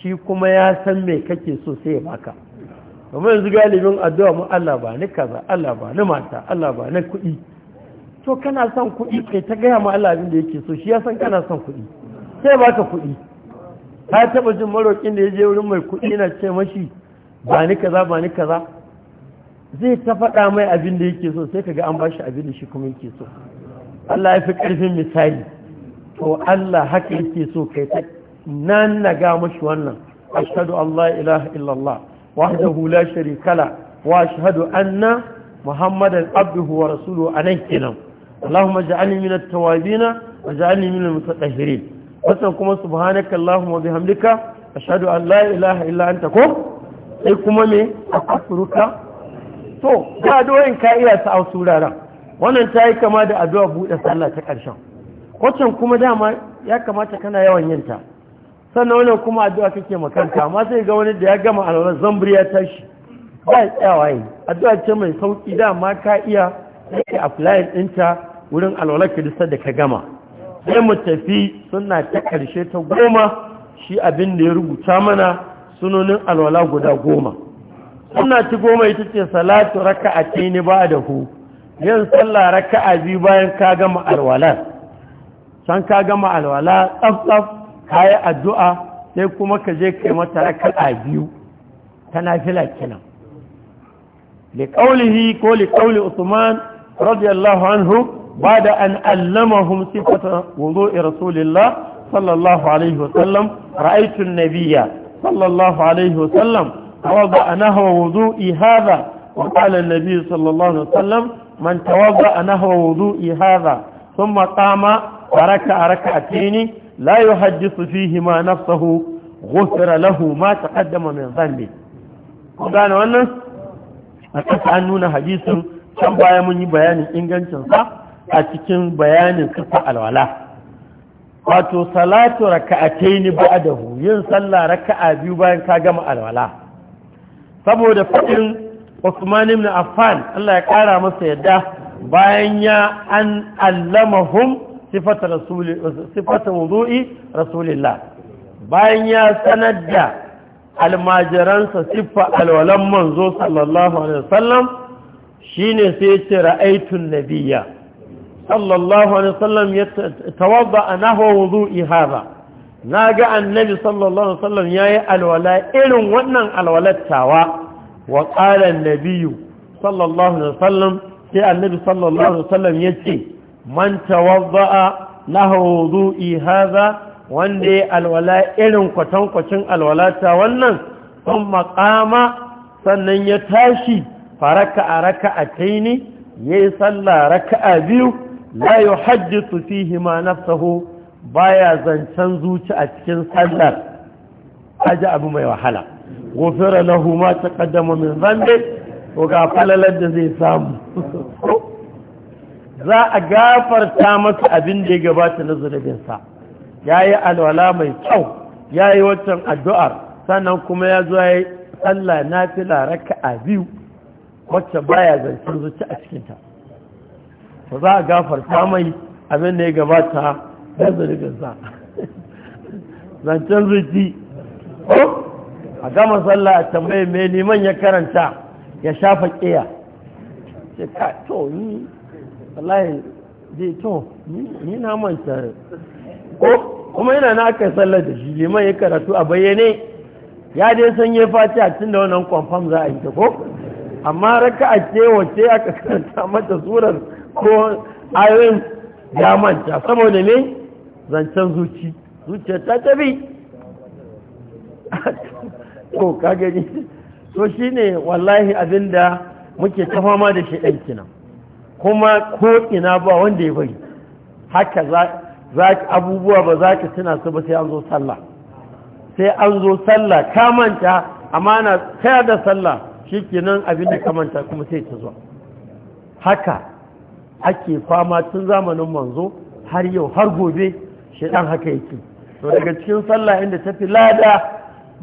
shi kuma ya san me kake so sai ya baka domin yanzu galibin addu'a mu Allah ba ni kaza Allah ba ni mata Allah ba ni kuɗi to kana son kuɗi kai ta gaya ma Allah abin da yake so shi ya san kana son kuɗi sai ba ka kuɗi ka taɓa jin maroƙin da ya je wurin mai kuɗi na ce mashi ba ni kaza ba ni kaza zai ta faɗa mai abin da yake so sai kaga an ba shi abin da shi kuma yake so Allah ya fi ƙarfin misali to Allah haka yake so kai ta nan na ga mashi wannan ashhadu an la ilaha illallah wahdahu la sharika la wa ashhadu anna muhammadan abduhu wa rasuluhu anan kenan allahumma ij'alni min at-tawabin waj'alni min al-mutatahhirin wasan kuma subhanaka allahumma bihamdika ko sai kuma me astaghfiruka to ga doyin ka iya sa a suraren wannan ta yi kama da addu'a buɗe sallah ta ƙarshen wacan kuma dama ya kamata kana yawan yinta sannan wani kuma addu'a kake makanta amma sai ga wani da ya gama alwala zambri ya tashi ba tsayawa yi addu'a ce mai sauki dama ka iya yake apply ɗinta wurin alwala Kirista da ka gama sai mu tafi suna ta ƙarshe ta goma shi abin da ya rubuta mana sunonin alwala guda goma suna ci goma ita ce salatu raka'a ce ni ba da hu yin sallah raka'a biyu bayan ka gama alwala san ka gama alwala tsaf tsaf ka yi addu'a sai kuma ka je kai mata a biyu ta nafila kenan liƙaulihi ko liƙauli usman radiyallahu anhu ba da an allamahum sifata wuzo'i rasulillah sallallahu alaihi wasallam ra'aitun nabiya sallallahu alaihi wasallam وضع نهو وضوئي هذا وقال النبي صلى الله عليه وسلم من توضأ نهو وضوئي هذا ثم قام وركع ركعتين la yuhaddisu fihi ma nafsahu ghufira lahu ma taqaddama min dhanbi ko gane wannan a kasa an nuna hadisin can baya mun yi bayanin ingancin sa a cikin bayanin kafa alwala wato salatu raka'ataini ba'dahu yin sallah raka'a biyu bayan ka gama alwala saboda fadin Usman ibn Affan Allah ya ƙara masa yadda bayan ya an allamahum sifata rasuli sifata wudu'i rasulillah bayan ya sanar da almajiransa siffa alwalan manzo sallallahu alaihi wasallam shine sai ya ce ra'aytun nabiya. sallallahu alaihi wasallam ya tawadda nahwa wudu'i Na ga annabi sallallahu alaihi wasallam yi alwala irin wannan alwalattawa wa qala nabiyu sallallahu alaihi wasallam sai annabi sallallahu alaihi wasallam ce. man tawadda'a lahu wudu'i hadha wanda ya alwala irin kwatankwacin alwalata wannan sun makama sannan ya tashi faraka a raka'atai ne ya yi sallah raka'a biyu la yi hajjitu fihi ma nafsahu baya zancen zuci a cikin sallar aji abu mai wahala gofira lahu ma ta kaddama min zambe ko ga falalar da zai samu (laughs) za a gafarta masa abin da ya gabata na zunubinsa ya yi alwala mai kyau ya yi waccan addu'ar sannan kuma ya zo ya yi tsalla na fi laraka a biyu wacce baya zancen zuci a cikinta ba za a gafarta mai abin da ya gabata na zunubinsa zancen zuci a gama tsalla a tambaye mai neman ya karanta ya shafa ƙiya ka to wallahi zai to ni na manta ko kuma yana na aka sallar da shi liman ya karatu a bayyane ya dai san ya faci a tun da wannan kwamfam za a yi ta ko amma raka a ce wace aka karanta mata surar ko ayoyin ya manta saboda ne zancen zuci zuciyar ta tabi ko (laughs) ka gani to shine wallahi abinda muke ta fama da shi ɗan kinan kuma ko ina ba wanda ya bari haka za abubuwa ba za ka tuna su ba sai an zo sallah sai an zo sallah ka manta amana tayar da sallah nan abin da ka manta kuma sai ta zo haka ake fama tun zamanin manzo har yau har gobe shi ɗan haka yake to daga cikin sallah inda ta fi lada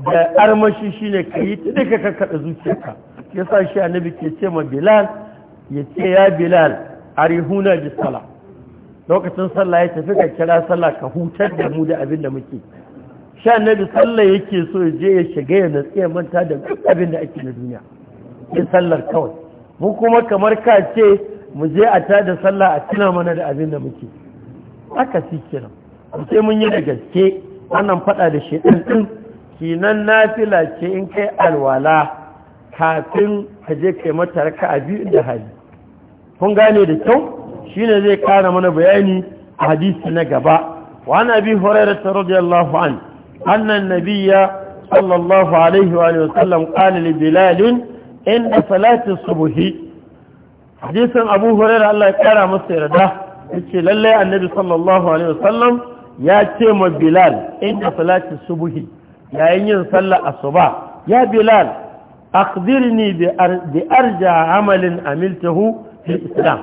da armashi shi ne ka yi ta duka kakkaɗa zuciyarka yasa shi annabi ke ce ma bilal ya ce ya bilal rihuna bi sala lokacin sallah ya tafi ka kira sallah ka hutar da mu da abin da muke sha annabi sallah yake so ya je ya shiga ya natsi ya manta da duk abin da ake na duniya ya sallar kawai mu kuma kamar ka ce mu je a tada sallah a tuna mana da abin da muke haka shi kenan sai mun yi da gaske wannan fada da shedan din kinan nafila ce in kai alwala kafin ka je kai mata raka'a biyu da hali kun gane da kyau shi ne zai kara mana bayani a hadisi na gaba wa an abi hurairah radiyallahu an anna an-nabiyya sallallahu alaihi wa sallam qala bilalin bilal inda salati subhi hadisin abu hurairah Allah ya kara masa yarda ce lallai annabi sallallahu alaihi wa sallam ya ce ma bilal inda salati subuhi yayin yin sallah asuba ya bilal akhbirni bi arja amalin amiltahu fil islam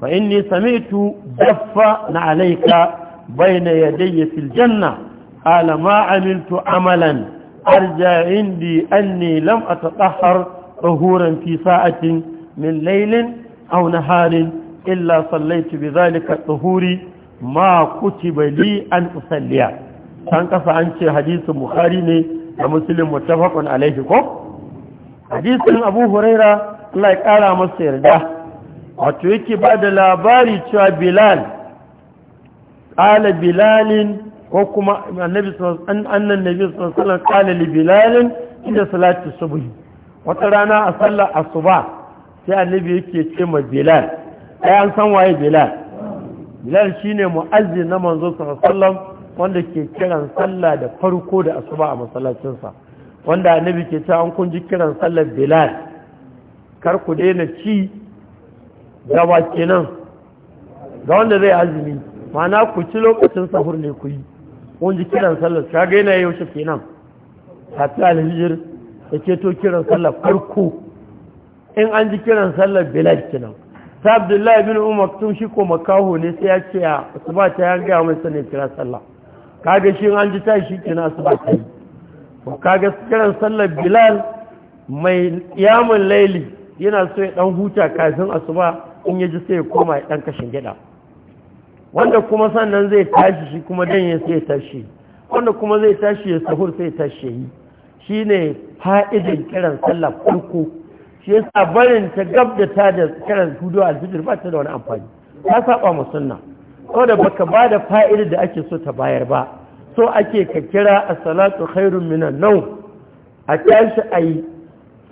fa inni sami'tu daffa na alayka bayna yadayya fil janna qala ma amiltu amalan arja indi anni lam atatahhar طهورا في ساعة من ليل أو نهار إلا صليت بذلك الطهور ما كتب لي أن أصلي تنقص عن حديث بخاري ومسلم متفق عليه كم حديث أبو هريرة الله يقال مصير ده wato yake ba da labari cewa bilal ƙala bilalin ko kuma annan nabi sallallahu ƙala li bilalin inda salati subuhi wata rana a sallar asuba sai annabi yake ce ma bilal ai an san waye bilal bilal shine mu'azzin na manzo sallallahu wanda ke kiran sallah da farko da asuba a masallacinsa wanda annabi ke cewa an kun ji kiran sallar bilal kar ku daina ci
Gaba kenan
ga wanda zai azumi mana ku ci lokacin sahur ne ku yi kun ji kiran sallar ka ga yana yaushe kenan ta alhijir da ceto kiran sallar farko in an ji kiran sallar bilal kenan ta abdullahi bin umar tun shi ko makaho ne sai ya ce a asuba ta ya gaya mai sanin kira sallah ga shi an ji ta shi kenan asuba ta yi Ka ga kiran sallar bilal mai yamin laili yana so ya dan huta kafin asuba in ya sai ya koma ya ɗan kashin gida wanda kuma sannan zai tashi shi kuma dan ya sai tashi wanda kuma zai tashi ya sahur sai tashi yi shi ne fa'idin kiran sallah farko shi ya barin ta gab da ta da kiran hudu alfijir ba ta da wani amfani ta saba mu sunna saboda baka ba da fa'idin da ake so ta bayar ba so ake ka kira as-salatu khairun minan nau a tashi ayi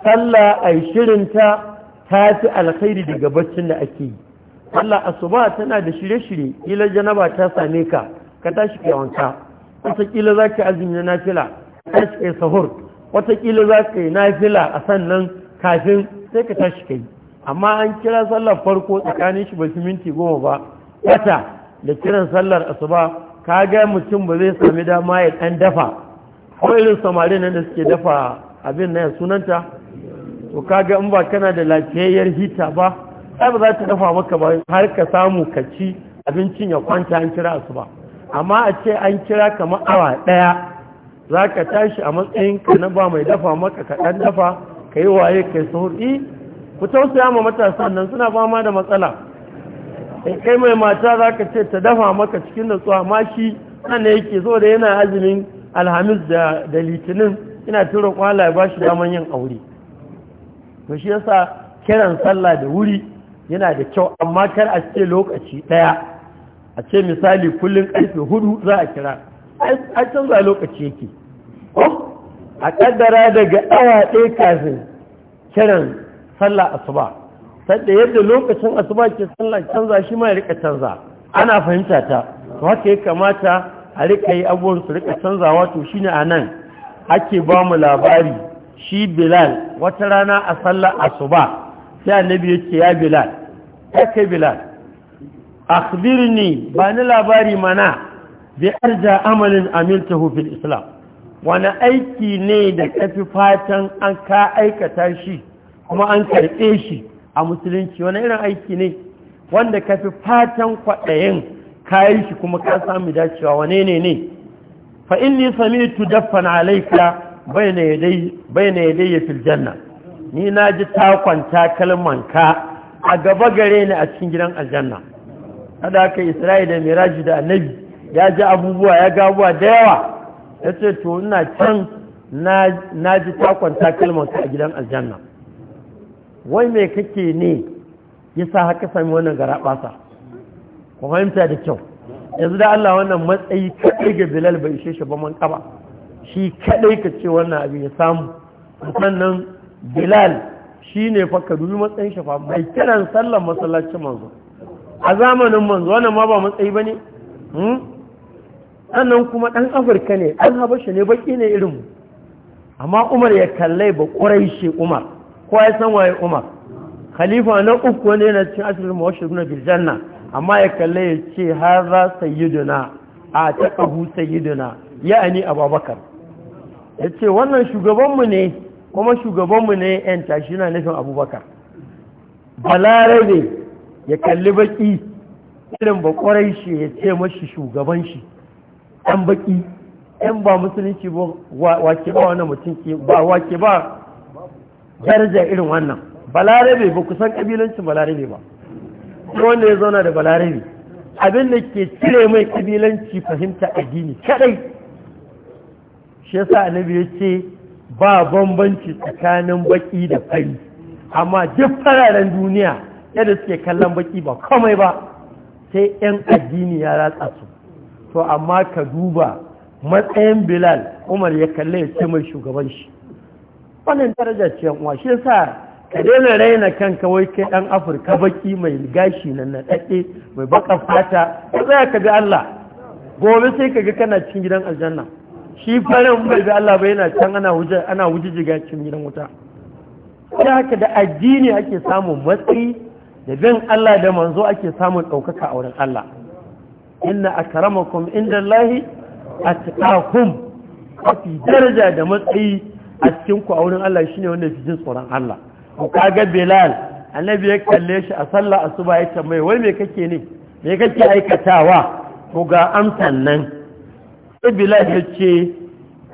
sallah ayi ta. ta fi alkhairi daga baccin da ake yi Allah asuba tana da shirye-shirye ila janaba ta same ka ka tashi kai wanka wataƙila za ka azumi na nafila tashi yi sahur wataƙila za ka yi nafila a sannan kafin sai ka tashi yi amma an kira sallar farko tsakanin shi ba su minti goma ba wata da kiran sallar asuba ka ga mutum ba zai sami dama ya ɗan dafa ko irin samari nan da suke dafa abin na sunanta to kaga in ba kana da lafiyayyar hita ba ai ba za ta dafa maka ba har ka samu ka ci abincin ya kwanta an kira su ba amma a ce an kira kamar awa ɗaya za ka tashi a matsayin ka na ba mai dafa maka ka dan dafa ka yi waye ka yi sauri eh, ku tausaya ma matasan nan suna fama da matsala eh, kai mai mata za ka ce ta dafa maka cikin natsuwa ma shi nan yake zo da yana azumin alhamis da litinin ina tura kwala ya ba shi daman yin aure to shi yasa kiran sallah da wuri yana da kyau amma kar a ce lokaci daya a ce misali kullum karfe hudu za a kira a canza lokaci yake a kaddara daga awa ɗaya kafin kiran sallah asuba sadda yadda lokacin asuba ke sallah canza shi ma ya rika canza ana fahimta ta to haka ya kamata a rika yi abubuwan su rika canzawa to shine a nan ake ba mu labari shi bilal wata rana a sallar asuba sai annabi ya ce ya bilal ya kai bilal akhbirni ba ni labari mana bi arja amalin amiltahu fil islam wani aiki ne da kafi fatan an ka aikata shi kuma an karɓe shi a musulunci wani irin aiki ne wanda kafi fatan kwaɗayin kayan shi kuma ka sami dacewa wane ne ne fa inni sami'tu daffan alayka bayna yadai bayna yadai fil janna ni na takwanta kalman ka a gaba gare ni a cikin gidan aljanna kada ka isra'i da miraji da annabi ya ji abubuwa ya gabuwa da yawa ya ce to ina can na ji takwanta kalmanka a gidan aljanna wai mai kake ne ya sa haka sami wannan gara ɓasa ku fahimta da kyau yanzu da Allah wannan matsayi kaɗai ga Bilal bai ishe shi ba man ƙaba shi kaɗai ka ce wannan abin ya samu sannan bilal shi ne fa ka dubi matsayin shafa mai kiran sallar masallacin manzo a zamanin manzo wannan ma ba matsayi ba ne hmm? sannan kuma ɗan afirka ne ɗan habasha ne baƙi ne irin amma umar ya kallai ba ƙurai shi umar ko ya san waye umar khalifa na uku wanda yana cin asirin mawashi guna birjanna amma ya kallai ya ce har za sayiduna a taƙahu sayiduna ya ani abubakar ya ce wannan shugabanmu ne kuma shugabanmu ne yan tashi na nufin abubakar
balarabe
ya kalli baki irin bakwarai shi ya ce mashi shugaban shi ɗan baki ɗan ba musulunci ba wake ba wannan mutum ba wake ba daraja irin wannan balarabe ba kusan ƙabilancin balarabe ba wanda ya zauna da balarabe abin da ke cire mai ƙabilanci fahimta addini kadai shi yasa annabi ya ce ba bambanci tsakanin baki da fari amma duk fararen duniya yadda suke kallon baki ba komai ba sai 'yan addini ya ratsa su to amma ka duba matsayin bilal umar ya kalle ya ce mai shugaban shi wannan daraja ce uwa shi yasa ka daina raina kanka wai kai ɗan afirka baki mai gashi na dade mai baka fata ka tsaya ka bi Allah gobe sai ka ga kana cikin gidan aljanna shi farin bai ba Allah ba yana can ana wuce ana wuce jiga cikin gidan wuta ta haka da addini ake samun matsayi da bin Allah da manzo ake samun ɗaukaka a wurin Allah inna akramakum indallahi atqakum kafi daraja da matsayi a cikin ku a wurin Allah shine wanda yake jin tsoron Allah ko kaga Bilal annabi ya kalle shi a sallah asuba ya ce mai wai me kake ne me kake aikatawa ko ga amsan nan bilal ya ce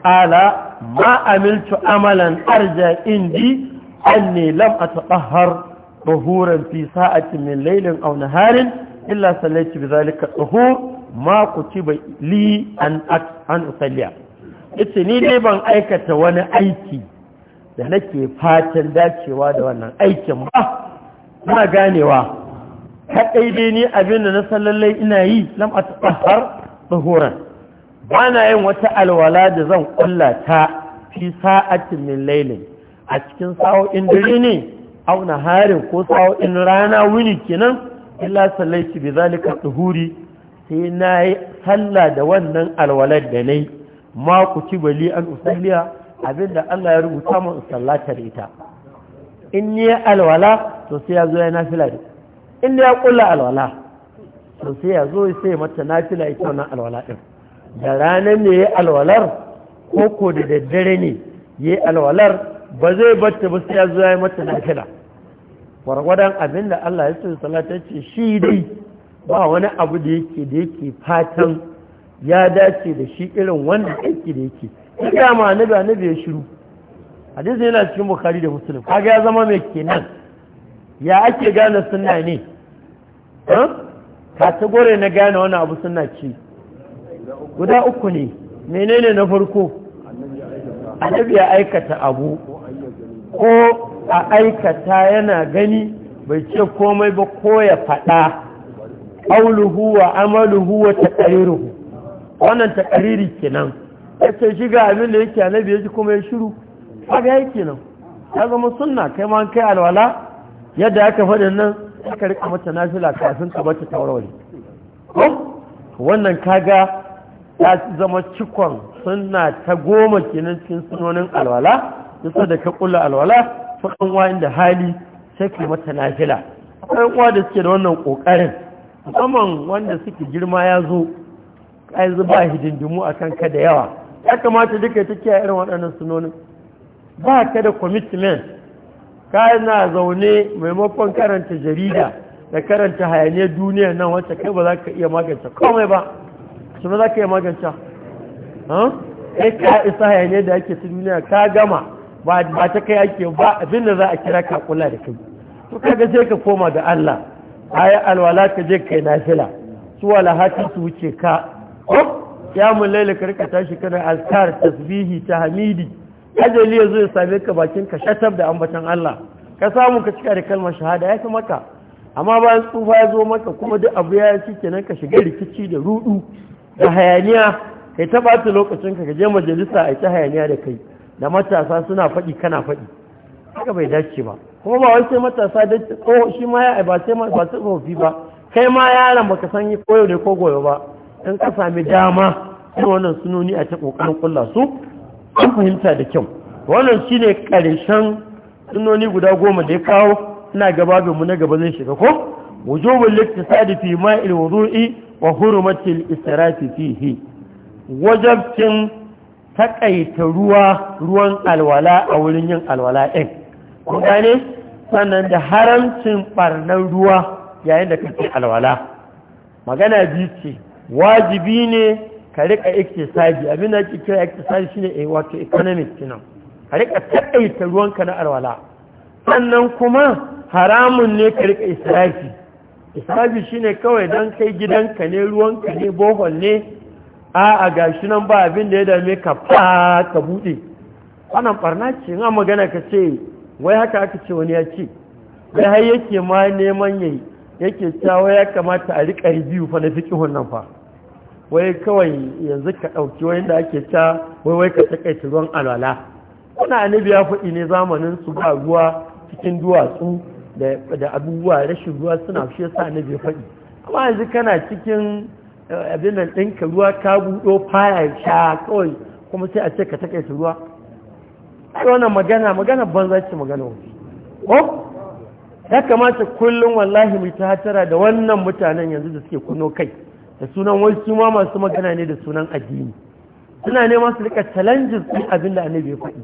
ala ma amiltu amalan arja indi anni lam atahhar sa'atin في ساعة من ليل illa نهار bi zalika بذلك ma ku ci لي أن an usalliya ita ni ne ban aikata wani aiki da nake fatan dacewa da wannan aikin ba na ganewa kaɗai dai ni abin da na san ina yi lam a har ba na yin wata alwala da zan kulla ta fi sa'atin min lailin a cikin sa'o'in dare ne au harin ko sa'o'in rana wuni kenan illa sallaitu bi zalika tuhuri sai na yi sallah da wannan alwalar da nayi ma ku ci bali an usalliya abinda Allah ya rubuta mun sallata da ita in ni alwala to sai ya zo ya nafila da in ya kulla alwala to sai ya zo sai mata nafila ita wannan alwala din da ranar ne ya alwalar ko ko da daddare ne ya alwalar ba zai batta ba sai ya ya yi mata nafila gwargwadon abin da Allah ya ce salata ce shi dai ba wani abu da yake da yake fatan ya dace da shi irin wanda aiki da yake ya ga ma a annabi ya shiru hadisi yana cikin bukari da musulun kaga ya zama mai kenan ya ake gane sunna ne ha ta na gane wani abu suna ce guda uku ne menene na farko annabi ya aikata abu ko a aikata yana gani bai ce komai ba ko ya faɗa Auluhu wa amaluhu wa taƙariruhu wannan taƙariri kenan ya ce ga abin da yake annabi ya ji kuma ya shiru kaga yake nan ya zama sunna kai ma kai alwala yadda aka faɗin nan aka rika mata nafila kafin ka bata taurari wannan kaga ya zama cikon suna ta goma kenan cikin sunonin alwala nisa da ka kula alwala fakan wa inda hali sai ka mata nafila akwai uwa da suke da wannan kokarin musamman wanda suke girma ya zo ai zuba hidindimu a ka da yawa ya kamata duka ta kiyaye irin waɗannan sunonin ba ka da commitment ka na zaune maimakon karanta jarida da karanta hayaniyar duniya nan wacce kai ba za ka iya magance komai ba su za ka yi maganta ya ka isa hayaniyar da ake ta duniya ka gama ba ta kai ake ba abin da za a kira ka kula da kai to kaga sai ka koma ga Allah ayi alwala ka je kai nafila su wala hati su wuce ka oh, ya mun laila ka rika tashi kana azkar tasbihi tahmidi ajali zo ya same ka bakin ka shatab da ambatan Allah ka samu ka cika da kalmar shahada ya fi maka amma bayan tsufa ya zo maka kuma duk abu ya ci kenan ka shiga rikici da rudu da hayaniya kai ta lokacin ka je majalisa a ta hayaniya da kai da matasa suna faɗi kana faɗi haka bai dace ba kuma ba wai sai matasa da tsoho shi ma ya ba sai ba tsofi ba kai ma yaron baka san yi koyo ne ko goyo ba in ka sami dama irin wannan sunoni a ta kokarin kulla su an fahimta da kyau wannan shine karshen sunoni guda goma da ya kawo ina gaba mu na gaba zai shiga ko wujubul liktisadi fi ma'il wudu'i wa hurumatil israfi fihi wajabcin takaita ruwa ruwan alwala a wurin yin alwala ɗin gane sannan da haramcin ɓarnar ruwa yayin da kake alwala magana biyu ce wajibi ne ka rika iktisaji abin da ake kira iktisaji shine eh wato economic kinan ka rika takaita ruwanka na alwala sannan kuma haramun ne ka rika israfi hisabi shine kawai don kai gidanka ne ruwanka ne bohol ne a a gashi nan ba abin da ya dame ka fa ka buɗe wannan barna ce in magana ka ce wai haka aka ce wani ya ce wai har yake ma neman yayi yake cewa ya kamata a riƙa biyu fa na fiƙihun nan fa wai kawai yanzu ka ɗauki wayan da ake ta wai wai ka takaita ruwan alwala kuna annabi ya faɗi ne zamanin su ba ruwa cikin duwatsu da abubuwa rashin ruwa suna shi yasa na bai faɗi amma yanzu kana cikin eh, abin nan ɗinka ruwa ka buɗo fara sha kawai kuma sai a ce ka takaita ruwa ai wannan magana magana banza ce magana wani ko ya kamata kullum wallahi mu ta hatara da wannan mutanen yanzu da suke kuno kai da sunan wai su ma masu magana ne da sunan addini suna neman su rika challenges din abin da annabi ya faɗi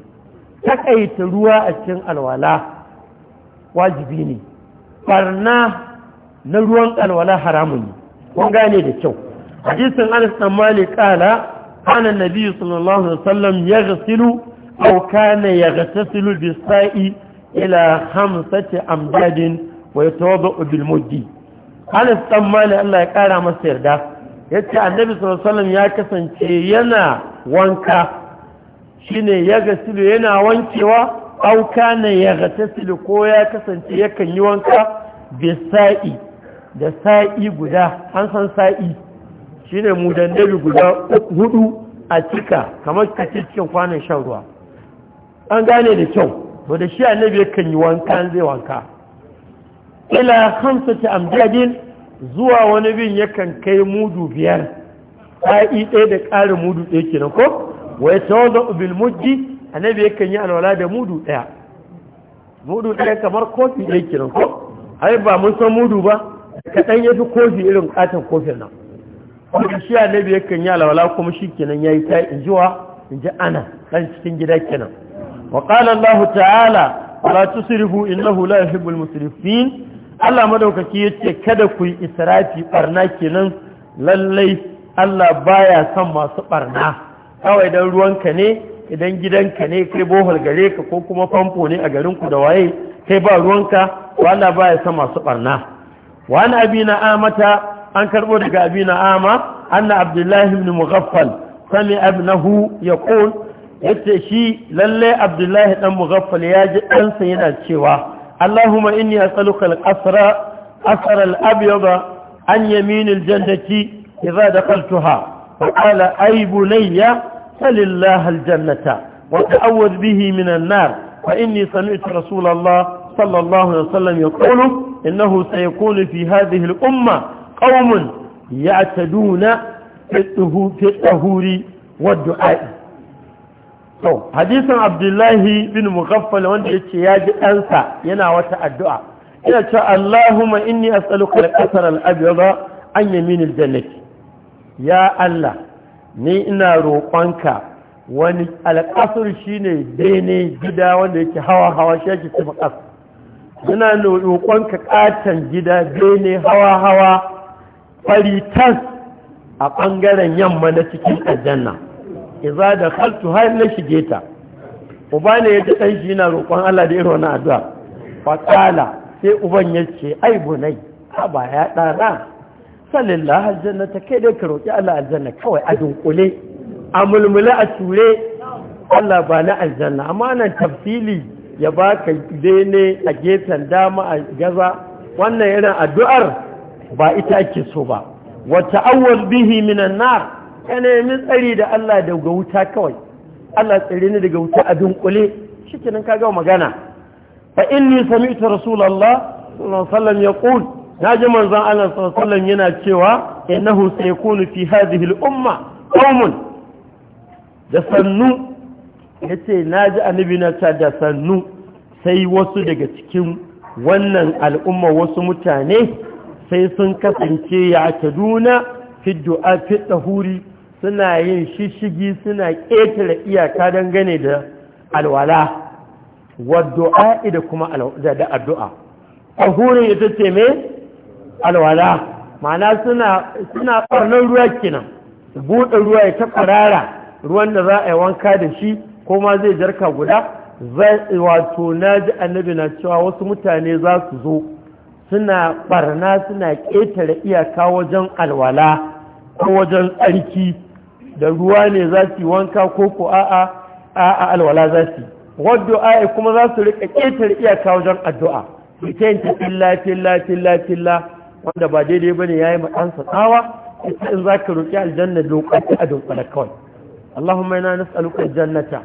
taƙaita ruwa a cikin alwala wajibi ne barna na ruwan alwala haramun ne kun gane da kyau hadisin anas dan malik kala kana nabi sallallahu alaihi wasallam yaghsilu aw kana yaghtasilu bis ila khamsati amdadin wa yatawadda bil muddi anas dan malik Allah ya kara masa yarda yace annabi sallallahu alaihi wasallam ya kasance yana wanka shine yaghsilu yana wankewa auka na ya gatasilu ko ya kasance yakan yi wanka da sa'i da sa'i guda an san sa'i shi ne mu dandali guda hudu a cika kamar kace cikin kwanan shan ruwa an gane da kyau to da shi annabi yakan yi wanka zai wanka ila hamsati amjadin zuwa wani bin yakan kai mudu biyar sa'i ɗaya da ƙarin mudu ɗaya kenan ko wai yatawadda bil mujji annabi yakan yi alwala da mudu ɗaya mudu ɗaya kamar kofi ɗaya kiran ko ai ba mun san mudu ba kaɗan ya fi kofi irin ƙaton kofin nan kuma shi annabi yakan yi alwala kuma shi kenan ya yi ta in jiwa in ji ana ɗan cikin gida kenan wa qala allah ta'ala wala tusrifu innahu la yuhibbul musrifin Allah madaukaki yace kada ku yi israfi barna kenan lallai Allah baya son masu barna kawai dan ruwanka ne idan gidanka ne kai bohol gare ka ko kuma famfo ne a garinku da waye kai ba ruwanka wala ba ya sama su barna wani abi amata an karbo daga abina na ama anna abdullahi ibn mughaffal sami abnahu yaqul yace shi lalle abdullahi dan mughaffal ya ji ɗansa yana cewa allahumma inni as'aluka al-asra asra al-abyada an yamin al-jannati idza dakhaltaha kaltuha. qala aibunayya. سل الله الجنة وتعوذ به من النار فإني سمعت رسول الله صلى الله عليه وسلم يقول إنه سيكون في هذه الأمة قوم يعتدون في الطهور والدعاء hadisin abdullahi bin mughaffal wanda ya ce ya ji ɗansa yana wata addu'a ina ce Allahumma inni as'aluka al-qasar al-abyada an jannati ya Allah ni ina roƙonka wani alƙasar shi ne bene gida wanda yake hawa-hawa shi yake tafi ina roƙonka ƙaton gida bene hawa-hawa fari tas a ɓangaren yamma na cikin aljanna iza da kaltu har na shige ta uba ne ya ji ɗan shi na roƙon Allah da irin wani addu'a faƙala sai uban ya ce ai bunai ba ya ɗana salillah ta kai dai ka roƙi Allah aljanna kawai a dunkule a mulmule a ture Allah ba na aljanna amma nan tafsili ya baka bene a gefen dama a gaza wannan yana addu'ar ba ita ake so ba wa ta'awwaz bihi minan nar kana min tsari da Allah daga wuta kawai Allah tsare ni daga wuta a dunkule shikenan ka magana fa inni sami'tu rasulullah sallallahu alaihi wasallam yaqul naji manzon Allah sallallahu alaihi yana cewa innahu sayakunu fi hadhihi al-umma qaumun da sannu yace naji annabi na ta da sannu sai wasu daga cikin wannan al'umma wasu mutane sai sun kasance ya duna fi du'a fi tahuri suna yin shishigi suna ƙetare iyaka dangane da alwala wa du'a da kuma da addu'a tahurin ita ce me alwala ma'ana suna suna ɓarnar ruwa kenan buɗe ruwa ya ta ƙarara ruwan da za a yi wanka da shi ko ma zai jarka guda wato na ji annabi na cewa wasu mutane za su zo suna ɓarna suna ƙetare iyaka wajen alwala ko wajen tsarki da ruwa ne za su yi wanka ko ko a'a a'a alwala za su yi. wadda a'a kuma za su riƙa ƙetare iyaka wajen addu'a ita yin tafilla filla filla wanda ba daidai ba ne ya yi maɗansa tsawa ita in za ka roƙi aljanna lokaci a da kawai allahumma ina nas'aluka aljannata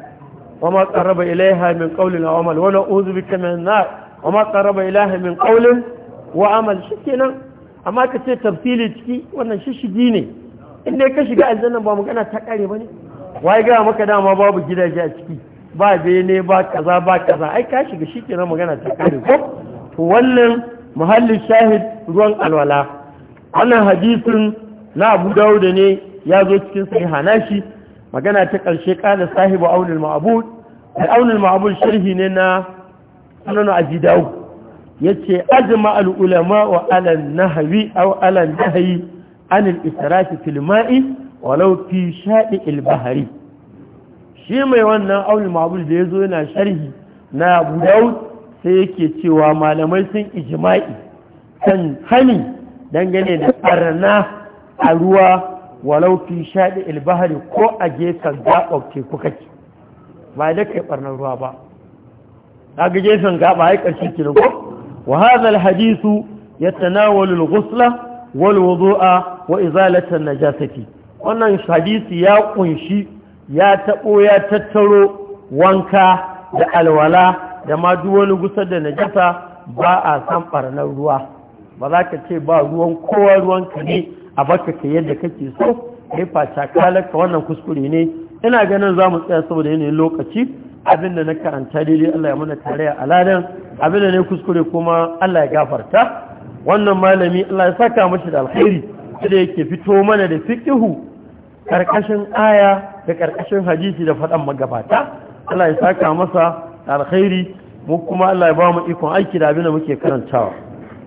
wa ma qarraba ilaiha min qawlin aw amal wa na'udhu bika min nar wa ma qarraba ilaiha min qawlin wa amal shikenan amma ka ce tafsili ciki wannan shishigi ne in dai ka shiga aljanna ba magana ta kare ne. wai ga maka dama babu gidaje a ciki ba bene ba kaza ba kaza ai ka shiga shikenan magana ta kare ko to wannan Muhallin shahid ruwan alwala wannan hadisin na abu dawud ne ya zo cikin sahiha nashi magana ta ƙarshe ƙala sahibu aunul a aunul ma'bud sharhi ne na sunan abi dawud yace ajma ulama wa ala nahawi au ala nahyi an al israfi walau fi sha'i ilbahari. shi mai wannan aunin ma'abud da yazo yana sharhi na abu sai yake cewa malamai sun ijima'i kan hani dangane da arna a ruwa walau fi shaɗi ilbahari ko a gefen gaɓar teku kake ba da kai ɓarnar ruwa ba a ga gefen gaɓa yi ƙarshe kirin da wa hadal hadisu ya tanawalu al-ghusla wazo a wa na jasafi wannan hadisi ya kunshi ya taɓo ya tattaro wanka da alwala da ma duk wani gusar da najasa ba a san ɓarnar ruwa ba za ka ce ba ruwan kowa ruwan ka ne a baka ka yadda kake so kai faca kalaka wannan kuskure ne ina ganin za mu tsaya saboda yanayin lokaci abin da na karanta daidai Allah ya mana tare a ladan abin da ne kuskure kuma Allah ya gafarta wannan malami Allah ya saka mashi da alkhairi da yake fito mana da fiqihu karkashin aya da karkashin hadisi da faɗan magabata Allah ya saka masa alkhairi mu kuma Allah ya ba mu ikon aiki da abin da muke karantawa